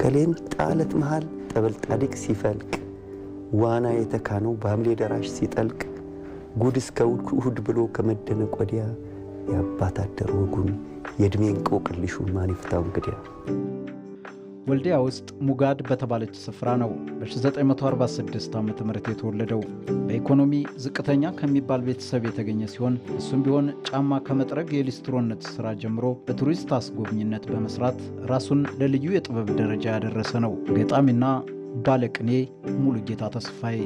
ከሌንጣ አለት መሃል ጠበል ሲፈልቅ ዋና የተካነው በሐምሌ ደራሽ ሲጠልቅ ጉድ እስከ እሑድ ብሎ ከመደነቅ ወዲያ የአባት አደር ወጉን የእድሜ እንቆቅልሹን ማን ይፍታው እንግዲያ። ወልዲያ ውስጥ ሙጋድ በተባለች ስፍራ ነው በ 946 ዓ ም የተወለደው። በኢኮኖሚ ዝቅተኛ ከሚባል ቤተሰብ የተገኘ ሲሆን እሱም ቢሆን ጫማ ከመጥረግ የሊስትሮነት ስራ ጀምሮ በቱሪስት አስጎብኝነት በመስራት ራሱን ለልዩ የጥበብ ደረጃ ያደረሰ ነው። ገጣሚና ባለቅኔ ጌታ ተስፋዬ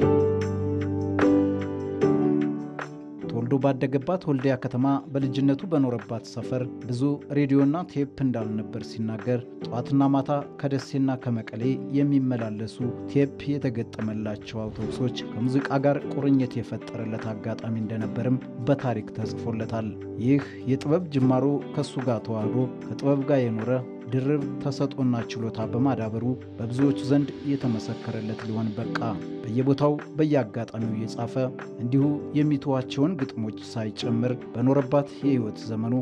ተወልዶ ባደገባት ወልዲያ ከተማ በልጅነቱ በኖረባት ሰፈር ብዙ ሬዲዮና ቴፕ እንዳልነበር ሲናገር ጠዋትና ማታ ከደሴና ከመቀሌ የሚመላለሱ ቴፕ የተገጠመላቸው አውቶቡሶች ከሙዚቃ ጋር ቁርኝት የፈጠረለት አጋጣሚ እንደነበርም በታሪክ ተጽፎለታል። ይህ የጥበብ ጅማሮ ከሱ ጋር ተዋህዶ ከጥበብ ጋር የኖረ ድርብ ተሰጦና ችሎታ በማዳበሩ በብዙዎቹ ዘንድ የተመሰከረለት ሊሆን በቃ። በየቦታው በየአጋጣሚው የጻፈ እንዲሁ የሚተዋቸውን ግጥሞች ሳይጨምር በኖረባት የሕይወት ዘመኑ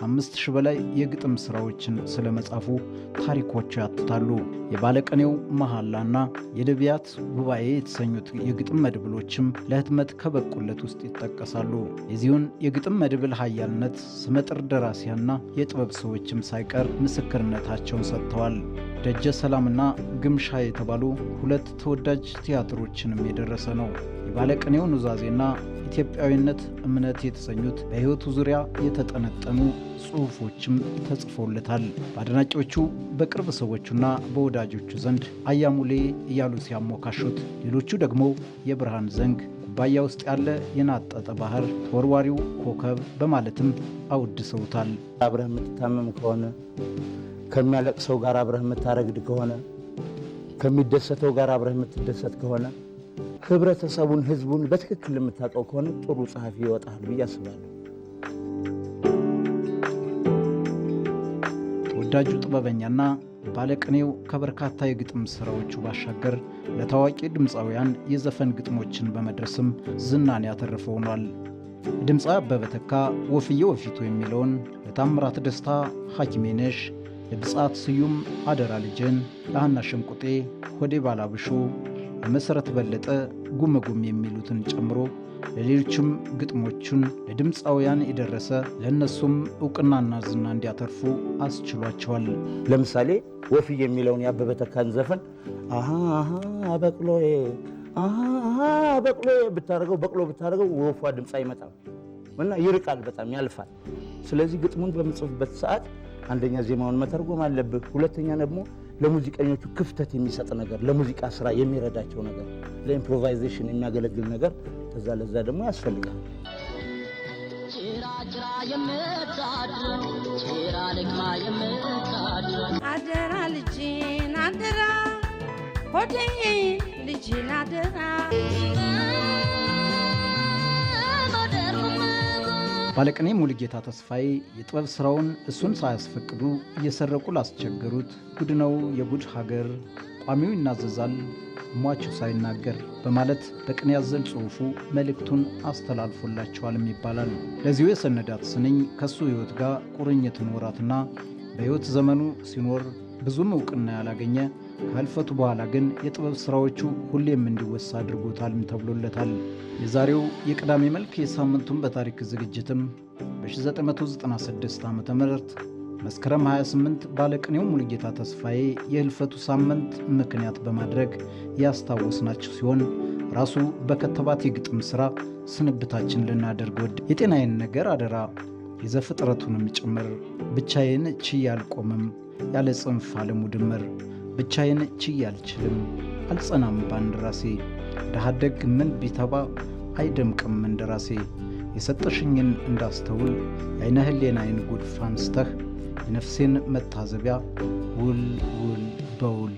ከአምስት ሺህ በላይ የግጥም ሥራዎችን ስለ መጻፉ ታሪኮቹ ያትታሉ። የባለቀኔው መሐላና የደቢያት ጉባኤ የተሰኙት የግጥም መድብሎችም ለህትመት ከበቁለት ውስጥ ይጠቀሳሉ። የዚሁን የግጥም መድብል ሀያልነት ስመጥር ደራሲያና የጥበብ ሰዎችም ሳይቀር ምስክርነታቸውን ሰጥተዋል። ደጀ ሰላምና ግምሻ የተባሉ ሁለት ተወዳጅ ቲያትሮችንም የደረሰ ነው። የባለቅኔው ኑዛዜና ኢትዮጵያዊነት እምነት የተሰኙት በሕይወቱ ዙሪያ የተጠነጠኑ ጽሑፎችም ተጽፎለታል። በአድናቂዎቹ በቅርብ ሰዎቹና በወዳጆቹ ዘንድ አያሙሌ እያሉ ሲያሞካሹት፣ ሌሎቹ ደግሞ የብርሃን ዘንግ ኩባያ ውስጥ ያለ የናጠጠ ባህር፣ ተወርዋሪው ኮከብ በማለትም አውድሰውታል። አብረህ የምትታመም ከሆነ ከሚያለቅሰው ጋር አብረህ የምታረግድ ከሆነ ከሚደሰተው ጋር አብረህ የምትደሰት ከሆነ ህብረተሰቡን፣ ህዝቡን በትክክል የምታውቀው ከሆነ ጥሩ ጸሐፊ ይወጣል ብዬ አስባለሁ። ተወዳጁ ጥበበኛና ባለቅኔው ከበርካታ የግጥም ስራዎቹ ባሻገር ለታዋቂ ድምፃውያን የዘፈን ግጥሞችን በመድረስም ዝናን ያተረፈ ሆኗል። ድምፃ አበበ ተካ ወፍዬ ወፊቱ የሚለውን ለታምራት ደስታ ሐኪሜነሽ የብጻት ስዩም አደራ ልጅን ለሐና ሸንቁጤ ሆዴ ባላብሾ የመሠረት በለጠ ጉመጉም የሚሉትን ጨምሮ ለሌሎችም ግጥሞቹን ለድምፃውያን የደረሰ ለእነሱም እውቅናና ዝና እንዲያተርፉ አስችሏቸዋል። ለምሳሌ ወፊ የሚለውን የአበበ ተካን ዘፈን አበቅሎ በቅሎ ብታደርገው በቅሎ ብታደርገው ወፏ ድምፅ አይመጣም እና ይርቃል፣ በጣም ያልፋል። ስለዚህ ግጥሙን በምጽፍበት ሰዓት አንደኛ ዜማውን መተርጎም አለብህ፣ ሁለተኛ ደግሞ ለሙዚቀኞቹ ክፍተት የሚሰጥ ነገር፣ ለሙዚቃ ስራ የሚረዳቸው ነገር፣ ለኢምፕሮቫይዜሽን የሚያገለግል ነገር እዛ ለዛ ደግሞ ያስፈልጋል። አደራ ልጅን አደራ ሆዴ ልጅን ባለቅኔ ሙሉጌታ ተስፋዬ የጥበብ ሥራውን እሱን ሳያስፈቅዱ እየሰረቁ ላስቸገሩት ጉድ ነው የጉድ ሀገር ቋሚው ይናዘዛል ሟቹ ሳይናገር በማለት በቅኔ ያዘል ጽሑፉ መልእክቱን አስተላልፎላቸዋልም ይባላል። ለዚሁ የሰነዳት ስንኝ ከሱ ሕይወት ጋር ቁርኝት ኖራትና በሕይወት ዘመኑ ሲኖር ብዙም እውቅና ያላገኘ ከህልፈቱ በኋላ ግን የጥበብ ስራዎቹ ሁሌም እንዲወሳ አድርጎታልም ተብሎለታል። የዛሬው የቅዳሜ መልክ የሳምንቱን በታሪክ ዝግጅትም በ1996 ዓ ም መስከረም 28 ባለቅኔው ሙሉጌታ ተስፋዬ የህልፈቱ ሳምንት ምክንያት በማድረግ ያስታወስናችሁ ሲሆን ራሱ በከተባት የግጥም ሥራ ስንብታችን ልናደርግ ወድ የጤናዬን ነገር አደራ የዘፍጥረቱንም ጭምር ብቻዬን ችዬ አልቆምም ያለ ጽንፍ አለሙ ድምር ብቻዬን ችዬ አልችልም አልጸናም ባንድ ራሴ ዳሃደግ ምን ቢተባ አይደምቅም እንደ ራሴ የሰጠሽኝን እንዳስተውል የአይነ አይን ጉድፍ አንስተህ የነፍሴን መታዘቢያ ውል ውል በውል